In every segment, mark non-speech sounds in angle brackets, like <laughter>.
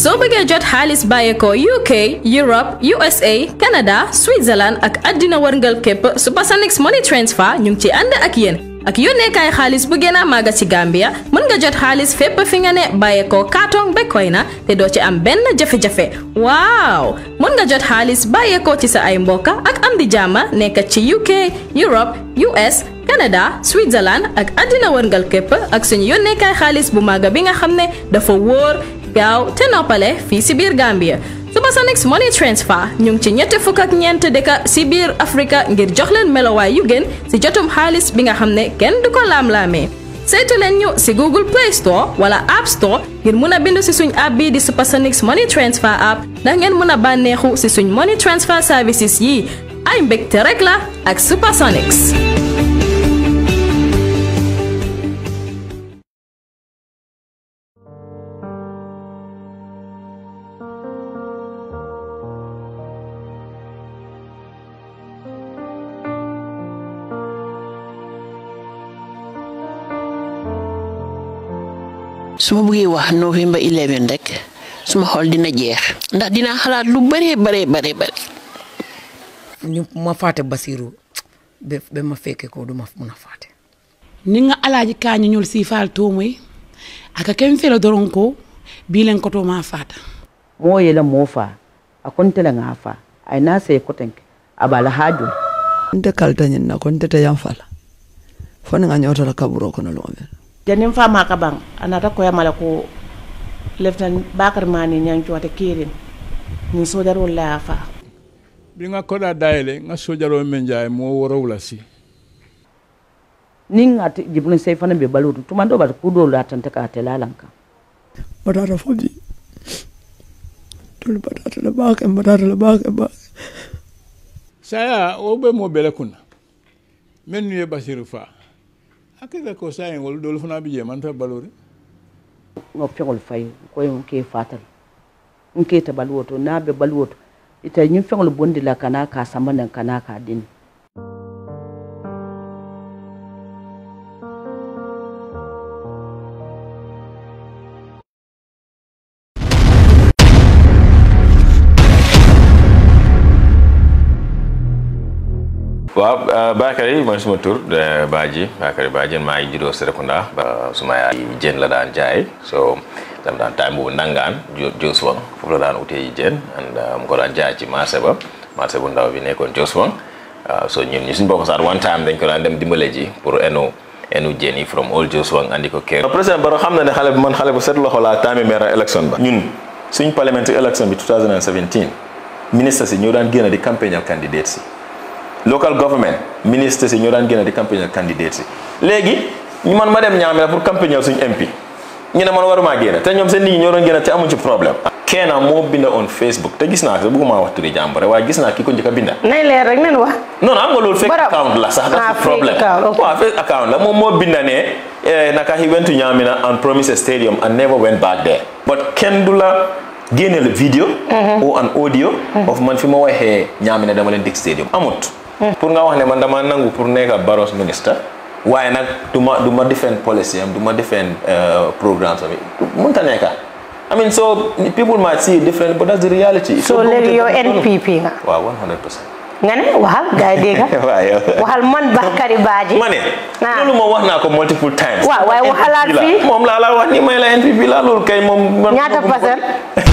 soo bëggee jot xaalis bàyyeekoo UK Europe USA Canada Switzerland ak àddina wërngal képp Supersonix Money Transfer ñu ngi ci ànd ak yéen ak yónneekaay xaalis bu gën a màgg ci Gambia mën nga jot xaalis fépp fi nga ne bàyyeekoo kaatong ba na te doo ci am benn jafe-jafe waaw mën nga jot xaalis bàyyeekoo ci sa ay mbokka ak am di jàmma nekkat ci UK Europe US Canada Switzerland ak àddina wërngal képp ak suñu yónneekaay xaalis bu màgg bi nga xam ne dafa wóor gaaw te noppale fii si biir Gambia Supersonix Money Transfer ñu ngi ci ñetti fukk ak ñeent de si biir Afrika ngir jox leen melowaay yu gën si jotum xaalis bi nga xam ne kenn du ko laam-laamee saytu leen ñu si Google Play Store wala App Store ngir mun a bindu si suñ app bii di Supersonix Money Transfer app ndax ngeen mun a bànneexu si suñ money transfer services yi ay mbégte rek la ak Supersonix. su ma bëggee wax novembre eleven rek suma xol dina jeex ndax dinaa xalaat lu bëree bëree bëree bëri. ñu ma faate Basiru ba ba ma fekkee ko du ma mun a faate ni nga alaaji kaañu ñul si faal ak a kem fela doron ko bii len koto maa faata moo yela moo faa a la ngaa faa ay naa sey kotenke a la haajul nte kaltañin na ko te yan fala fo ni ŋa ñootola ko na luŋo men janin fama ka ban anata koyamala ko lieutenant bakar mani ñancuwata kirin ni sojarol la fa bi nga koda dayele nga sojarol men jaay e mo worowla si nin at jibun sai fana be balo tuma do ba ku do la tan ka ta lalanka badara fodi tul badara la bakke badara la bakke ba saya o be mo bele kunna men ye basiru akida ko sayingol ɗol fana bi je manta balori no peŋol fayi koye nke fatal nke ta baluwo to na be baluwo ita ñiŋ feŋol bondi la kana ka samba naŋ kana ka dini waaw eh, Bakary mooy suma tur eh, Badji Bakary Badji maa ngi juddoo Serekunda suma eh, yaay jën la daan jaay so dam daan time boobu nangaan Joswang foofu la daan utee jën and mu ko daan jaay ci marché ya, ba marché ya, bu ndaw bi nekkoon Joswang so ñun ñu suñ bopp saat one time dañ ko daan dem dimbale ji pour eno enu jeni from all Joswang andi ko kër président Baro xam na ne xale bu man xale bu set loxo laa taami maire election ba ñun suñ parliamentary election bi 2017 ministre si ñoo daan génn di campagnal candidate local government ministre si ñoo daan génne di campagne candidate si léegi ñu man ma dem ñaamela pour campagne suñ MP ñu ne man waruma génne te ñoom seen nit ñi ñoo doon génne te amuñ ci problème kenna moo binda on Facebook te gis naa ko bëgguma wax turi jàmbare waaye gis naa ki ko njëkk a binda nay leer rek nen wax non non am nga loolu fake account la sax dafa ah, problème waaw fake account la moom moo binda ne eh, naka he went to Nyamina on promise stadium and never went back there but kenn du la génneel video mhm. ou an audio mhm. of man fi ma waxee ñaamina dama leen dig stadium amut Eh, pour nga wax ne man dama nangu pour nekk ab Barrow ministre waaye nag du ma du ma defend policy am du ma defend euh, programme am mënut a nekk I mean so people might see different but that's the reality. so léegi yow NPP nga. waaw 100% nga ne waxal gars yi dégg <laughs> waxal man Bakary Badji. ma ne. Ah. loolu wax naa ko multiple times. waaw waaye waxalaat fii moom laa la wax ni may la NPP la kay moom. ñaata percent.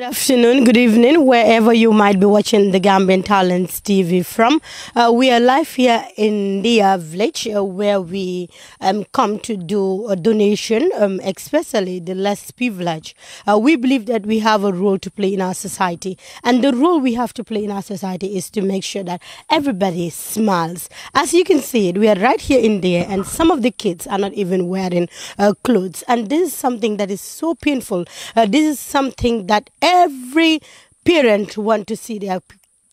Good afternoon, good evening, wherever you might be watching the Gambian Talents TV from. Uh, we are live here in the uh, village uh, where we um, come to do a donation, um, especially the less privileged. Uh, we believe that we have a role to play in our society. And the role we have to play in our society is to make sure that everybody smiles. As you can see it, we are right here in there and some of the kids are not even wearing uh, clothes. And this is something that is so painful. Uh, this is something that every parent want to see their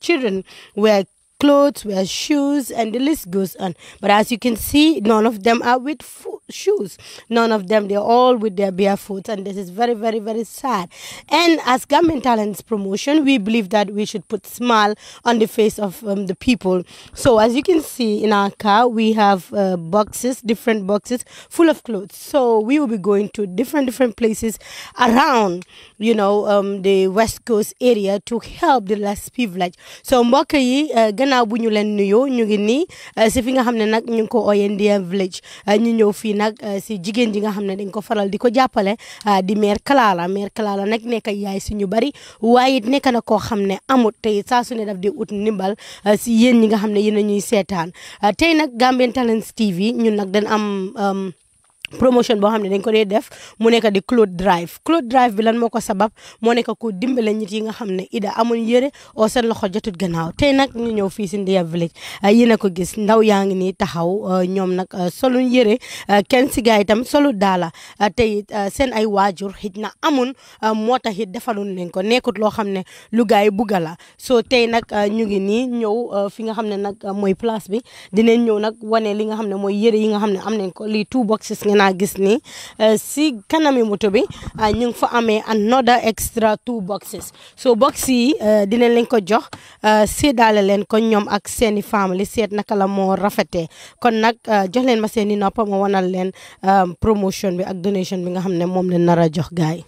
children wear clothes, we have shoes, and the list goes on. But as you can see, none of them are with shoes. None of them, they're all with their barefoot, and this is very, very, very sad. And as government Talents Promotion, we believe that we should put smile on the face of um, the people. So as you can see in our car, we have uh, boxes, different boxes full of clothes. So we will be going to different, different places around, you know, um, the West Coast area to help the less privileged. So Mbokayi, uh, gannaaw bu ñu leen nuyoo ñu ngi nii eh, si fi nga xam ne nag ñu ngi ko ooyee Ndiye Village eh, ñu ñëw fii nag eh, si jigéen ji nga xam ne dañ ko faral di ko jàppale di mère Clara mère Clara nag nekk yaay si ñu bari waaye it nekk na koo xam ne amut tey saa su ne daf di ut ndimbal si yéen ñi nga xam ne yéen a ñuy seetaan tey nag Gambian Talents TV ñun nag dañ am. promotion boo xam ne dañ ko dee def mu nekk di clothes drive clothes drive bi lan moo ko sabab moo nekk ko dimbale nit yi nga xam ne Ida amul yëre oo seen loxo jotut gannaaw tey nag ñu ñëw fii si Ndia village ah, yéen a ko gis ndaw yaa ngi nii taxaw ah, ñoom nag ah, solu yëre kenn si gars itam solu daala tey seen ay waajur xëj na amun moo tax it defalun leen ko nekkut loo xam ne lu gars yi bugga la soo tey nag ñu ngi nii ñëw fi nga xam ne nag mooy place bi dinañ ñëw nag wane li nga xam ne mooy yëre yi nga xam ne am nañ ko li two boxes naa gis ni euh, si kanami moto bi euh, ñu ngi fa amee another extra two boxes so box yi euh, dinañ leen ko jox si séddaale leen kon ñoom ak seeni famille seet naka la mo rafete kon nag jox leen ma seeni nopp ma wanal leen promotion bi ak donation bi nga xam ne moom leen nar a jox gaay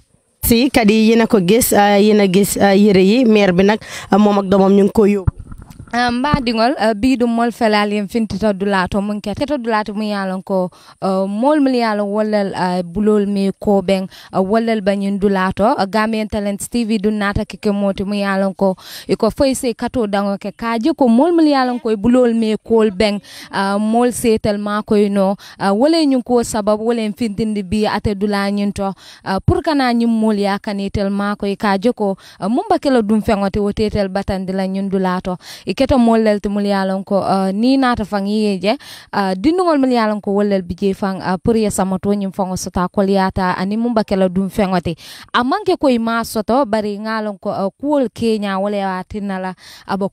si kat yi yéen a ko gis yéen a gis yére yi bi nag moom ak doomam ñu ngi mbaɗigol eh, biɗum mol felali en fintitodula to mum ke ketodulate mum yalan ko eh, mol mil yalan wallal eh, bulol mi koɓen wallal bañin dula to gamien talent tv dun nata keke moti mum yalan ko iko foy se kato dango ke kaji ko mol mil yalan koye bulol mi kol ɓen mol setel makoye no wala ñin ko sababu wala en fintinde bi ate dulañin to pour kana ñin mol yakanitel makoye kaji ko mum bakela dum feŋote wotetel batandilañin dula keto mollel to mulyalon ko uh, ni nata fang yeje uh, dindugol mulyalon ko wollel bije fang uh, pour ye samato nyim fango sota kolyata ani uh, mumba kela dum fengote a manke koye ma soto bari ngalon ko uh, kenya keña wolewa tinnala abo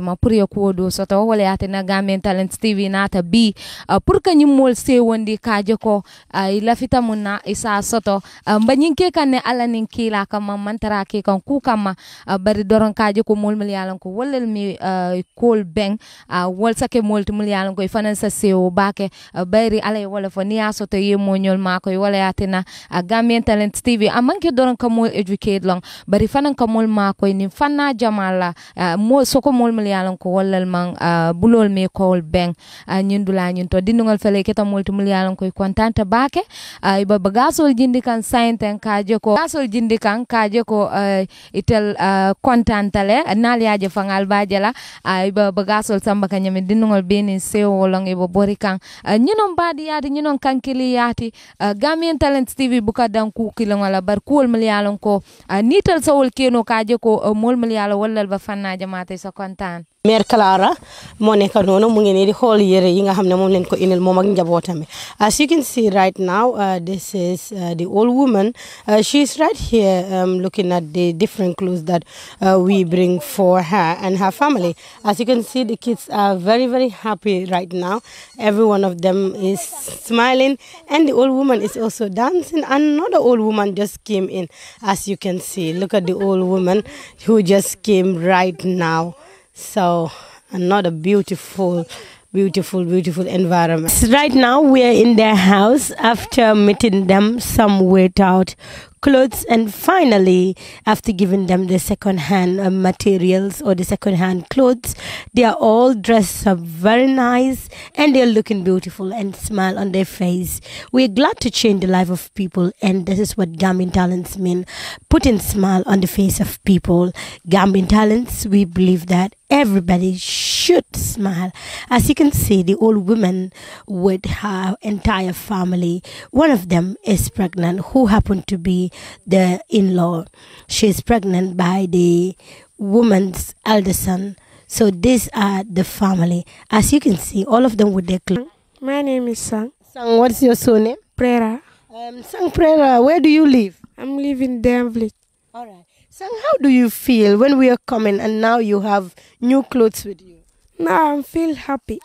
ma pour ye kuwo do soto woleya tinna gamen talent tv nata bi uh, pour que ñimmol sewondi kaje ko uh, lafita mun na isa soto uh, mbañinke kan ne ala nin kila kamma mantara ke kan ku kamma uh, bari doron kaje ko molmel yalan ko wollel mi uh, kol coal a wol sake molti mul yalan koy fanan sa sewo bake uh, bayri ala alay wala fo ni asoto ye moñol mako wala tena a ah, Gambian Talent TV amanke ah, doron ka mol educate long bari fanan ka mol ma ko ni fanna jamala uh, mo soko mol mul yalan ko wallal man uh, bulol me kol a coal dula uh, to nyinto ngal fele keta molt mul yalan koy kontanta bake uh, iba bagasol jindi kan sainten kaje ko gasol jindi kan kaje ko eh, itel kontantale nal yaje fangal bajela uh, iba bagasol samba kanyame dinungol beni sewo wolong iba bori kang uh, ah, nyunong badi yati nyunong kankili yati uh, Gambian Talents TV buka dan ku kilongala bar kuol malyalong ko nital sawol keno kaje ko uh, mol malyalo wallal ba fanna jamaate sa kontaan Clara mu ngi di yére yi nga ko ak as you can see right now uh, this is uh, the old woman uh, she's right here um, looking at the different clothes that uh, we bring for her and her family as you can see the kids are very very happy right now every one of them is smiling and the old woman is also dancing another old woman just came in as you can see look at the old woman who just came right now so another beautiful beautiful beautiful environment right now we are in their house after meeting them some way out clothes. And finally, after giving them the second-hand uh, materials or the second-hand clothes, they are all dressed up very nice and they're looking beautiful and smile on their face. We're glad to change the life of people, and this is what gambling talents mean: putting smile on the face of people. gambling talents, we believe that everybody should smile. As you can see, the old woman with her entire family, one of them is pregnant, who happened to be the in-law. She's pregnant by the woman's elder son. So these are the family. As you can see, all of them with their clothes. My name is Sang. Sang, what's your surname? Prera. Um, Sang Prera, where do you live? I'm living in Denville. All right. Sang, how do you feel when we are coming and now you have new clothes with you? Now I feel happy.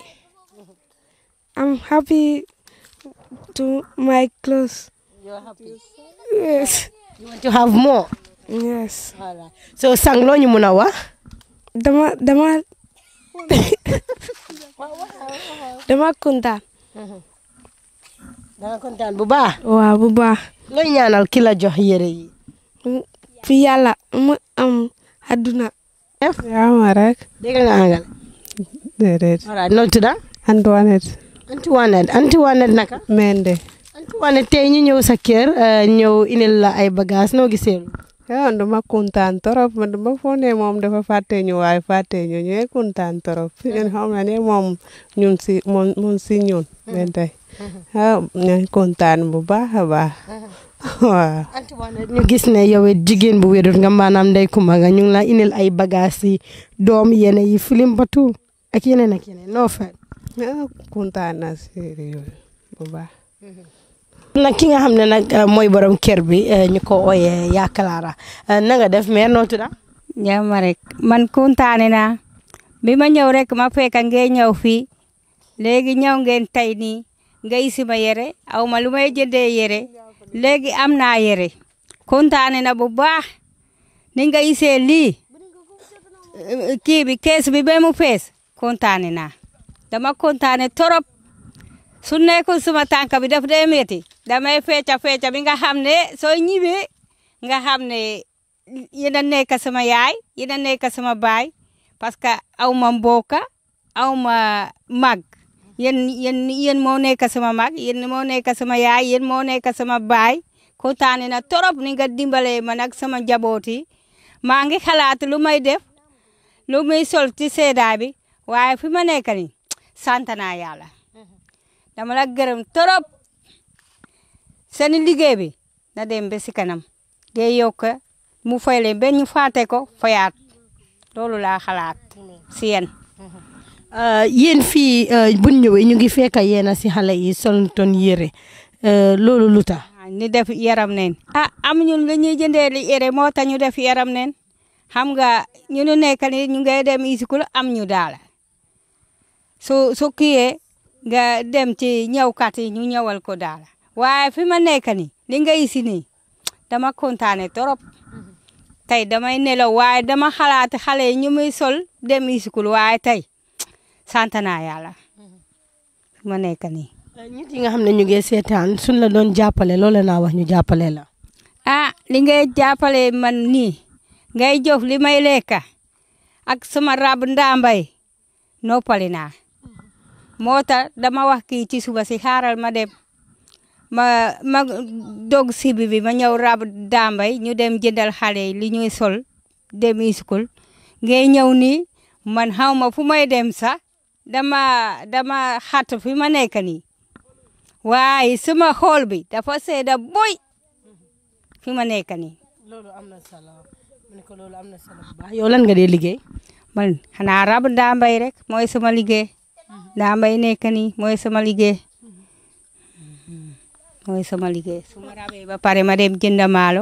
I'm happy to my clothes. You're happy. Yes. You want to have more? Yes. So right. So muna wa? Dama dama dama kunta. Dama kunta, buba. Wa buba. Lo nyanal kila jox yere yi. Fi mu am aduna. Ya ma rek. Dega nga angal. Dedet. All right, no tuda? Antoinette. Antoinette, Antoinette naka? Mende. Antoine tey ñu ñëw sa kër euh, ñëw indil la ay bagages noo gisee. ah dama kontaan trop man dama foog ne moom dafa fàtte ñu waaye fàtte ñu ñu kontaan trop ñun ne moom si moom si ñun. Mhm. Mhm. Ah, kontaan bu baax a baax. Mhm. <laughs> waaw. Antoine ne yow it jigéen bu wérut nga maanaam ndey kuma nga ñu ngi la indil ay bagages yi doom yene yi filim batu ak yeneen ak yeneen noo fay. ah kontaan naa si bu baax. nag ki nga xam ne nag euh, mooy borom kër bi euh, ñu ko ooyee Yaa Clara euh, na nga def meer noo tudda jàmm rek man kontaane naa bi ma ñëw rek ma fekk ngay ñëw fii léegi ñëw ngeen tey nii ngay si ma yére aw ma lu may jëndee yére léegi am naa yére kontaane na bu baax ni nga isee lii kii bi kees bi ba mu fees kontaane naa dama kontaane torop su nekkul suma tànk bi daf dee métti damay fecca fecca bi nga xam ne soo ñibbee nga xam ne yéen a nekk sama yaay yéen a nekk sama baay parce que aw ma mbooka aw ma mag yéen yéen yéen moo nekk sama mag yéen moo nekk sama yaay yéen moo nekk sama baay kontaan na trop ni nga dimbalee ma nak sama njaboot yi maa ngi xalaat lu may def lu muy sol ci seedaa bi waaye fi ma nekk nii sant naa yàlla. dama la gërëm torop seen liggéey bi na dem ba si kanam day yokk mu fay leen ba ñu faate ko fayaat loolu laa xalaat si yéen euh, yéen fii euh, buñ ñëwee ñu ngi fekk yéen si xale yi solton yére euh, loolu lu tax ah, ñu def yaram neen ah am ñun lu ñuy jëndee li yére moo tax ñu def yaram neen xam nga ñu nu nekk ni ñu ngay dem isikul am ñu daala su su kiyee nga dem ci ñëwkat yi ñu ñawal ko daal waaye fi ma nekk ni li nga isi nii dama kontaane torop tey damay nelaw waaye dama xalaat xale yi ñu muy sol dem isikul waaye tey sant naa yàlla fi ma nekk nii. nit yi nga xam ne ñu ngi seetaan suñ la doon jàppale loola na wax ñu jàppale la. ah li ngay jàppale man nii ngay jof li may lekk ak sama rab ndambay noppali naa. moo tax dama wax kii ci suba si xaaral ma dem ma ma dog sibi bi ma ñëw rab dambay ñu dem jëndal xale yi li ñuy sol dem iskul ngay ñëw nii man xaw ma fu may dem sax dama dama xat fi ma nekk nii waaye suma xool bi dafa seeda boy fi ma nekk nii. loolu am na solo man ko loolu am na solo yow lan nga dee liggéey. rab dambay rek mooy suma liggéey. daa may nekk nii mooy sama liggéey mooy sama liggéey su ma rabee ba pare ma dem jënd maalo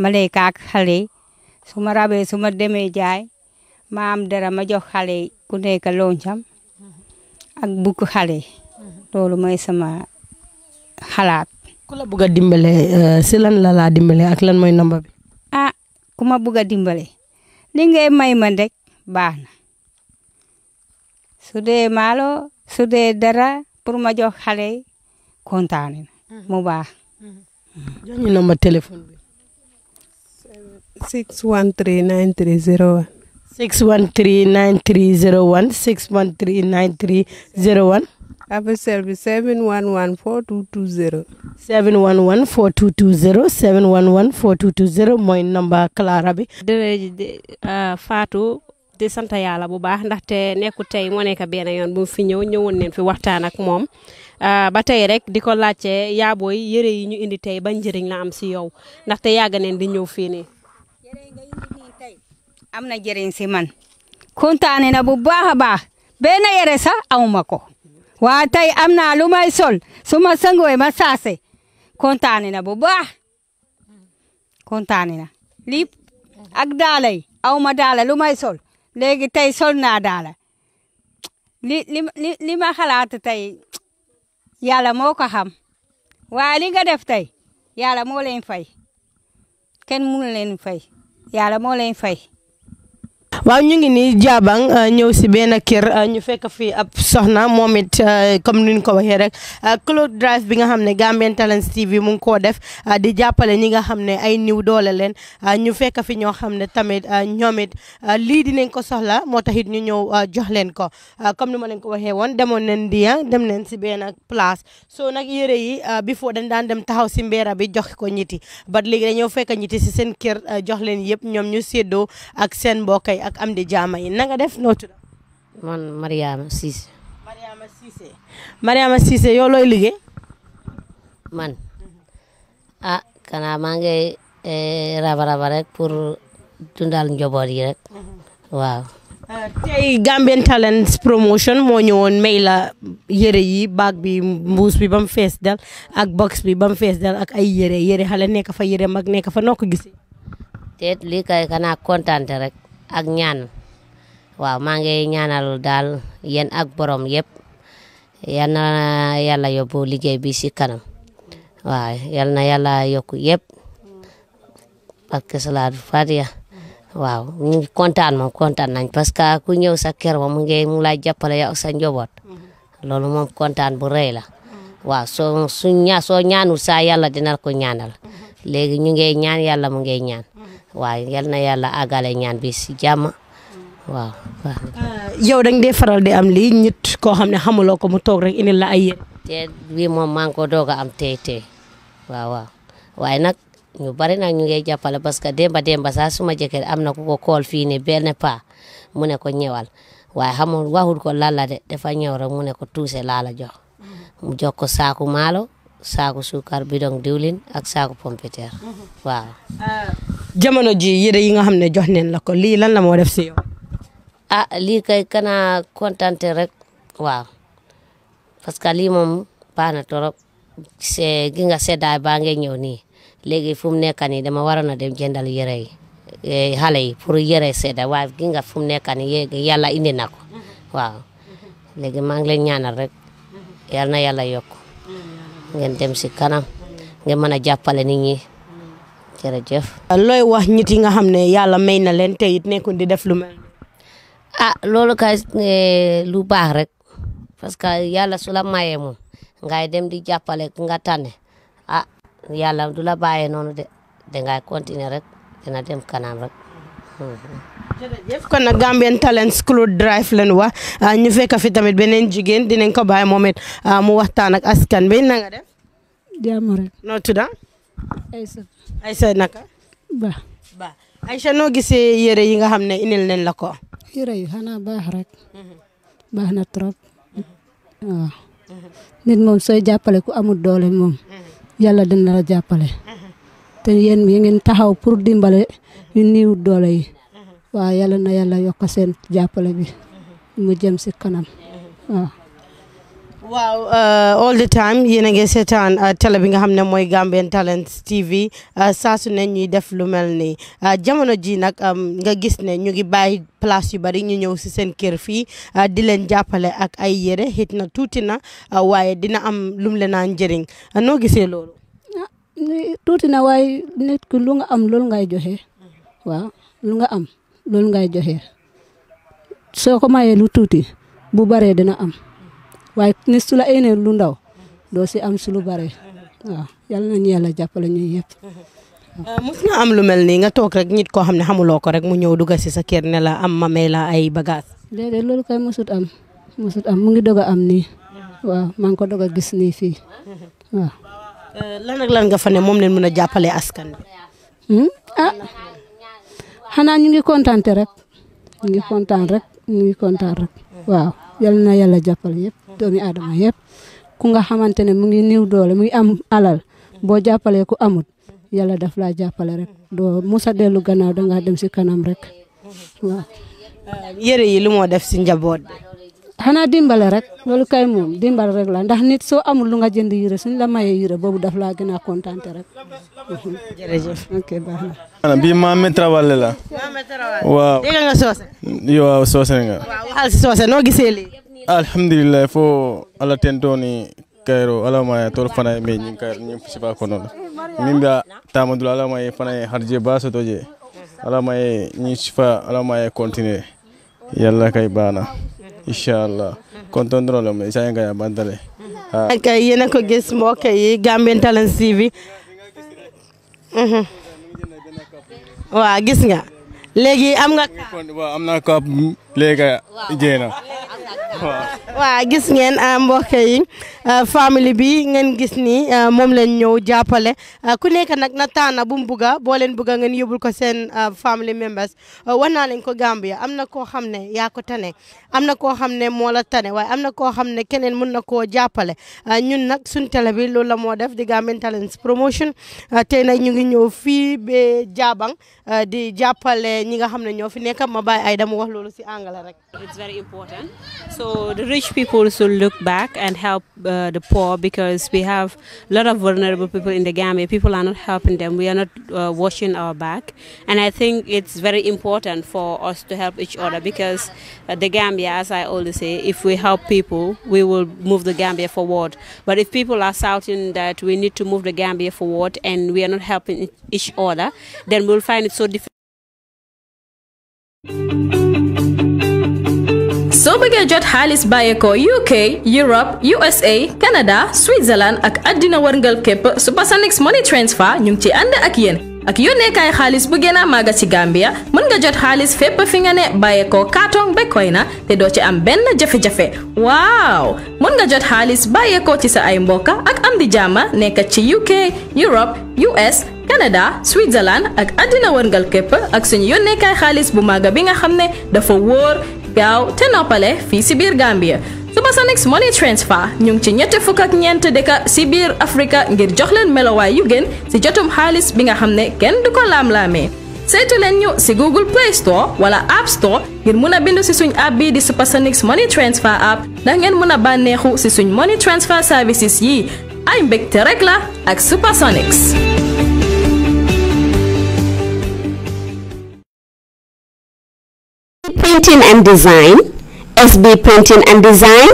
ma lekk ak xale yi su ma rabee su ma demee jaay ma am dara ma jox xale yi ku nekk loncam ak bukk xale yi moy mooy sama xalaat. ku la bugg a dimbale euh, si lan la laa dimbale ak lan mooy namba bi. Ah, ku ma bugg a dimbale li ngay may man rek baax na. su dee maalo su dee dara pour ma jox xale yi kontaan na mm-hmm. mu baax. Mm-hmm. jox ñu nomba téléphone bi. 613 wan 613 9301 613 9301. Apple service 711 4220. 711 4220 711 4220 mooy nomba Clara bi. dërëj euh, Fatou. di sant yàlla bu baax ndaxte nekku tey moo nekk benn yoon bu fi ñëw ñëwoon neen fi waxtaan ak moom ah, ba tey rek di ko laajte yaabooy yëre yi ñu indi tey ban njëriñ la am si yow ndaxte yàgg neen di ñëw fii nii. am na njëriñ si man kontaane na bu baax a baax benn yëre sax amuma ko waa tey am naa lu may sol su ma sangooy ma saase kontaane na bu baax kontaane na lii ak daalay awma daala lu may sol. léegi tey sol naa daala li li li ma xalaat tey yàlla moo ko xam waaye li nga def tey yàlla moo leen fay kenn mënu leen fay yàlla moo leen fay waaw ñu ngi nii jaabang euh, ñëw si benn kër euh, ñu fekk fii ab soxna moom it euh, comme ni ñu ko waxee rek Cloth Drive bi nga xam ne Gambian Talents TV mu ngi koo def di jàppale ñi nga xam ne ay niw doole leen ñu fekk fi ñoo xam ne tamit ñoom it lii dinañ ko soxla moo tax it ñu ñëw jox leen ko comme ni ma leen ko waxee woon demoon nañ diya ah, dem nañ si benn place soo nag yére yi before dañ daan dem taxaw si mbeera bi jox ko ñiti ba léegi dañoo fekk ñiti si seen kir jox leen yëpp ñoom ñu séddoo ak seen mbokk yi ak am di jaama yi na nga def noo tudd man Mariama Cissé. Mariama Cissé man kana ah, maa ngi eh, raba raba rek pour dundal njaboot yi rek waaw. Ah, tey Gambian promotion moo ñëwoon may la yére yi baag bi mbuus bi ba mu fees dal ak box bi ba mu fees dal ak ay yére yére xale nekk fa yére mag nekk fa no ko gisee. te lii kay kana kontaan rek. ak ñaan waaw maa ngi ñaanal daal yéen ak borom yépp yal na yàlla yóbbu liggéey bi si kanam waaw yal na yàlla yokku yépp parce que salaatul waaw ñu ngi kontaan moom kontaan nañ parce que ku ñëw sa kër moom mu ngi mu lay jàppale yow sa njaboot loolu moom kontaan bu rëy la waaw soo su ñaa soo ñaanul saa yàlla dina ko ñaanal léegi ñu ngi ñaan yàlla mu ngi ñaan waaye yal na yàlla àggale ñaan bi si jàmm mm. waaw. Uh, yow dañ faral di am lii nit koo xam ne xamuloo ko mu toog rek ini la ay yére. te bii moom maa koo ko doog a am tey tey waaw waaw waaye nag ñu bari nag ñu ngi jàppale parce que demba demba saa suma jëkkër am na ku ko kool fii nii benn paa mu ne ko ñëwal waaye xamul waxul ko lalla de dafa ñëw rek mu ne ko tuuse laa la jox mm. saaku maalo. saaku suukar bidong diwlin ak saaku pompiteer mhm. waaw. Euh. jamono ji yére yi nga xam ne jox neen la ko lii lan la moo def si yow. ah lii kay kana kontante rek waaw parce que lii moom baax na torop c'est gi nga seddaay baa ngee ñëw nii léegi fu mu nekk nii dama waroon na dem jëndal yére yi eh, xale yi pour yére sedda waaye gi nga fu mu nekk nii yàlla indi na ko mhm. waaw léegi maa ngi leen ñaanal rek mhm. yal na yàlla yokk. ngeen dem si kanam ngeen mën a jàppale nit ñi jërëjëf. looy wax nit yi nga xam ne yàlla may na leen te it nekkul di def lu mel. ah loolu kay eh, lu baax rek parce que yàlla su la mayee moom ngay dem di jàppale nga tànne ah yàlla du la bàyyee noonu de dangay continuer rek dina dem kanam rek. jërëjëf kon nag Gambian Talents Cloth Drive leen wax ah, ñu fekk fi tamit beneen jigéen dinañ ko bàyyi moom it ah, mu waxtaan ak askan bi na nga def. jàmm rek. noo tudda. Aïssa. Aïssa naka. Ba. Ba Aïssa noo gisee yére yi nga xam ne indil nañ la ko. yére yi xanaa baax rek. Mhm. baax na trop. waaw. Ah. nit moom sooy jàppale ku amul doole moom. Mhm. yàlla dina la jàppale. Mhm. te yéen ngeen taxaw pour dimbale ñu ni doole yi waaw yàlla na yàlla yokk seen jàppale bi mu jëm si kanam waaw. waaw uh, all the time yéen a ngi seetaan uh, télé bi nga xam ne mooy Gambian Talents TV uh, saa su ne ñuy def lu mel nii jamono ji nag um, nga gis ne ñu ngi bàyyi yu bari ñu ñëw si seen kër fii di leen jàppale ak ay yére xit na tuuti na waaye dina am lum leen a njëriñ noo gisee loolu. tuuti na waaye nit ki lu nga am loolu ngay joxe waaw lu nga am loolu ngay joxe soo ko mayee lu tuuti bu baree dina am waaye nit sula la éenee lu ndaw doo si am su lu baree waaw yal nañu yàlla jàppale ñun yëpp. Euh, mus na am lu mel nii nga toog rek nit koo xam ne xamuloo ko rek mu ñëw dugg si sa kër ne am ma may la ay bagages. déedéet loolu kay mosut am mosut am mu ngi doog a am ni waaw maa ngi ko doog a gis nii fii waaw. Euh, lan ak lan nga fa ne moom leen mën a jàppale askan bi. Hmm? ah xanaa ñu ngi kontaan rek ñu ngi kontaan rek ñu ngi kontaan rek waaw yal na yàlla jàppale yëpp doomi aadama yëpp ku nga xamante ne mu ngi niw doole mu ngi am alal boo jàppalee ku amut yàlla daf laa jàppale rek doo musa dellu gannaaw dangaa dem si kanam rek waaw. Euh, yére yi lu moo def si njaboot bi. xanaa dimbale rek loolu kay moom dimbale rek la ndax nit soo amul lu nga jënd yére suñ la mayee yére boobu daf laa gën a rek. jërëjëf ok baax na. bii Mame Traoré la. Mame Traoré waaw. dégg nga soose. waaw soose nga. waaw waxal si soose noo gisee lii. alhamdulilah fo ala tento ni kayro ala ma tol fana me nyin kayro nyin siba kono min ba tamadul ala ma fana harje ba so toje ala ma nyin sifa ala maye continuer yalla kay bana incha allah la mais saa nga yaa bantale. ak yéen a ko gis mbokk yi Gambian Talents TV. Mhm. waaw gis nga léegi am nga. waaw léegi jéena waaw gis ngeen ah, mbokk yi ah, famille bi ngeen gis ni ah, moom leen ñëw jàppale ku nekk nag na taana bu mu bugga boo leen bugga ngeen yóbbul ko seen family members wax naa leen ko Gambia am na koo xam ne yaa ko tane am na koo xam ne moo la tane waaye am na koo xam ne keneen mun na koo jàppale ñun nag suñ télé bi loolu la moo def di Gambian Talents Promotion te na ñu ngi ñëw fii ba Jabang di jàppale ñi nga xam ne ñoo fi nekk ma bàyyi ay dama wax loolu si it's very important so the rich people should look back and help uh, the poor because we have a lot of vulnerable people in the Gambia. People are not helping them. We are not uh, washing our back, and I think it's very important for us to help each other because uh, the Gambia, as I always say, if we help people, we will move the Gambia forward. But if people are shouting that we need to move the Gambia forward and we are not helping each other, then we'll find it so difficult. soo bëggee jot xaalis bàyyeekoo UK Europe USA Canada Switzerland ak àddina wërngal képp Supersonix Money Transfer ñu ngi ci ànd ak yéen ak yónneekaay xaalis bu gën a màgg ci Gambia mën nga jot xaalis fépp fi nga ne bàyyeekoo kaatong be na te doo ci am benn jafe-jafe waaw mën nga jot xaalis bàyyeekoo ci sa ay mbokka ak am di jàmma nekk ci UK Europe US Canada Switzerland ak àddina wërngal képp ak suñu yónneekaay xaalis bu màgg bi nga xam ne dafa wóor gaaw te noppale fii si biir Gambia Supersonix Money Transfer ñu ngi ci ñett fukk ak ñeent dëkk si biir Afrika ngir jox leen melowaay yu gën si jotum xaalis bi nga xam ne kenn du ko laam-laamee saytu leen ñu si Google Play Store wala App Store ngir mun a bindu si suñ app bii di Supersonix Money Transfer app ndax ngeen mun a bànneexu si suñ money transfer services yi ay mbégte rek la ak Supersonix. painting and design SB painting and design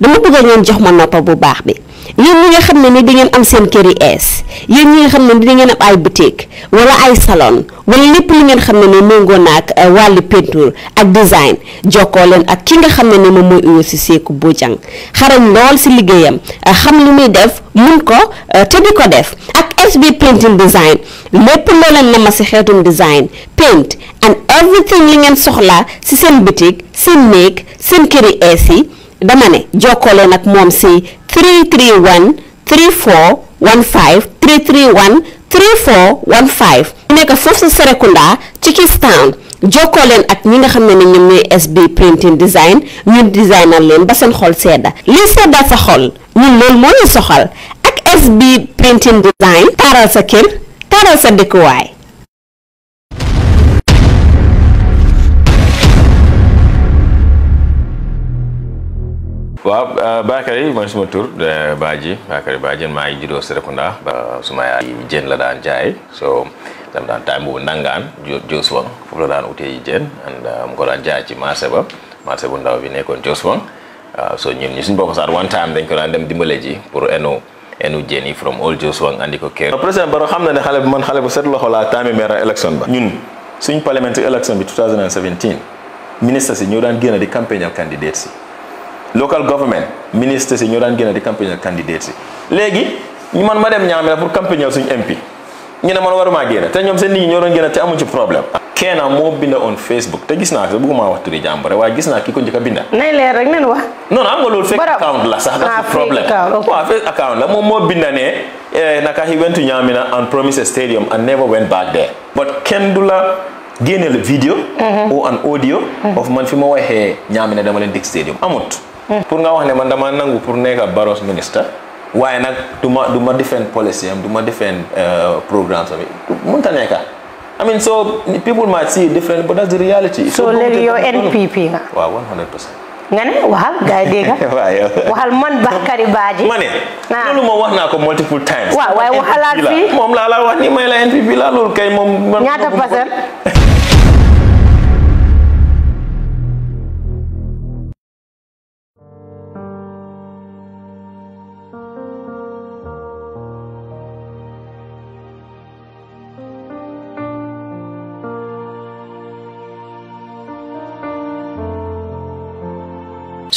dama bëgg ngeen jox ma noppa bu baax bi yéen ñi nga xam ne ni da ngeen am seen kër ees yéen nga xam ne ni da ngeen am ay boutique wala ay salon wala lépp li ngeen xam ne ni méngoo ngoon ak euh, wàllu peinture ak design jokkoo leen ak ki nga xam ne ni moom mooy Ouyoushi Seku Bojang xarañ lool si liggéeyam euh, xam li muy def mun ko euh, te di ko def ak SB Painting Design lépp loo leen ma si xeetum design paint and everything li ngeen soxla si seen boutique seen néeg seen kër yi ees yi dama ne jokkale nag moom si 331 34 15 331 34 15 nekk foofu sa Serekunda ci Kistown jokkoo leen ak ñi nga xam ne ni ñoom ñooy SB printing design ñun designer leen ba seen xol sedda lii sedda sa xol ñun loolu moo ñu soxal ak SB printing design taaral sa kër taaral sa dëkkuwaay waaw Bakary mooy suma tur Badji Bakary Badji maa ngi juddoo Serekunda suma yaay jën la daan jaay so dam daan time boobu nangaan Joswang foofu la daan utee jën and eh, mu ko daan jaay ci marché ba marché bu ndaw bi nekkoon Joswang eh, so ñun ñu suñ bokk saat one time dañ ko daan dem dimbale ji pour eno enu jeni from all Joswang andiko ko kër président Baro xam ne xale man xale bu set loxo laa taami maire election ba ñun suñ parliamentary election bi 2017 ministre si ñoo daan génn di campagnal candidate local government minister si ñoo daan a di campagne candidate si léegi ñu man ma dem ñaamela pour campagne suñu MP ñu ne man warumaa génne te ñoom seen nit ñi ñoo doon a te amuñ ci problème kenna moo binda on Facebook te gis naa ko bëgguma wax turi rek waaye gis naa ki ko njëkk a binda nay leer rek nen wax non am nga loolu fake account la sax dafa ah, problème waaw fake account la moom moo binda ne eh, naka he went to ñaamina on promise stadium and never went back there but kenn du la la vidéo ou an audio mhm. of man fi ma waxee ñaamina dama leen dig stadium amut pour nga wax ne man damaa nangu pour nekk ab Barroso ministre waaye nag du ma du ma defend policy am du ma defend euh, programme sami mënut a nekk I mean so people might see different but that's the reality. so léegi yow NPP nga. waaw 100% nga ne waxal gars yi dégg <laughs> waxal man Bakary Badji. ma ne ah. loolu moom wax naa ko multiple times. waaw waaye waxalaat fii moom laa la wax ni may la NPP la loolu kay moom. ñaata percent.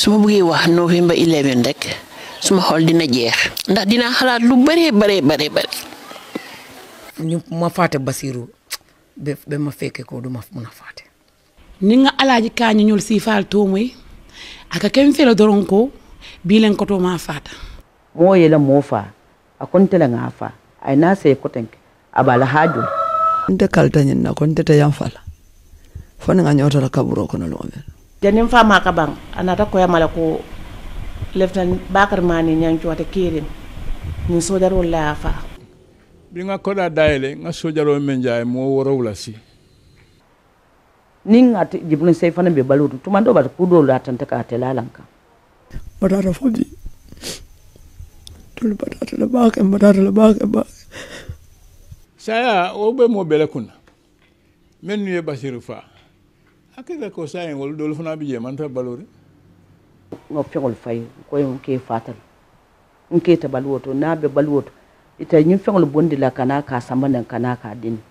suma ma bëggee wax novembre 11 rek suma xol dina jeex ndax dina xalaat lu bëree bëree bëree bëri. ñu ma fàtte Basiru ba ma fekke ko du ma mun a fàtte. ni nga alaaji kaañu ñul si faal tuumay aka ken fela doron ko bilen koto ma fata mo yela moo fa a kontela nga fa ay na sey kotenke abala haju nte kaltañin na konteta yam fala fona nga kaburoo kaburo kono lomel janin fama ka bang anata mala ko leftan bakar mani ñancuwata kirin ñin sojarol laya faa bi nga koda dayele nga sojarol men jaay mo woro wala si ning ati jibrin sey fana be balutu tuma ndo bata kudo la tanta ka ta lalanka bata da fobi tul la la ba saya o be mo bele kunna men ye basiru faa hakkille ko sayingol ɗol fana ɓe jemanta balori ŋoppegol fayi koye nke fatan nke ta baluwo to na ɓe baluwo to ita ñin feŋol bondi la kana ka samba nen kana ka dini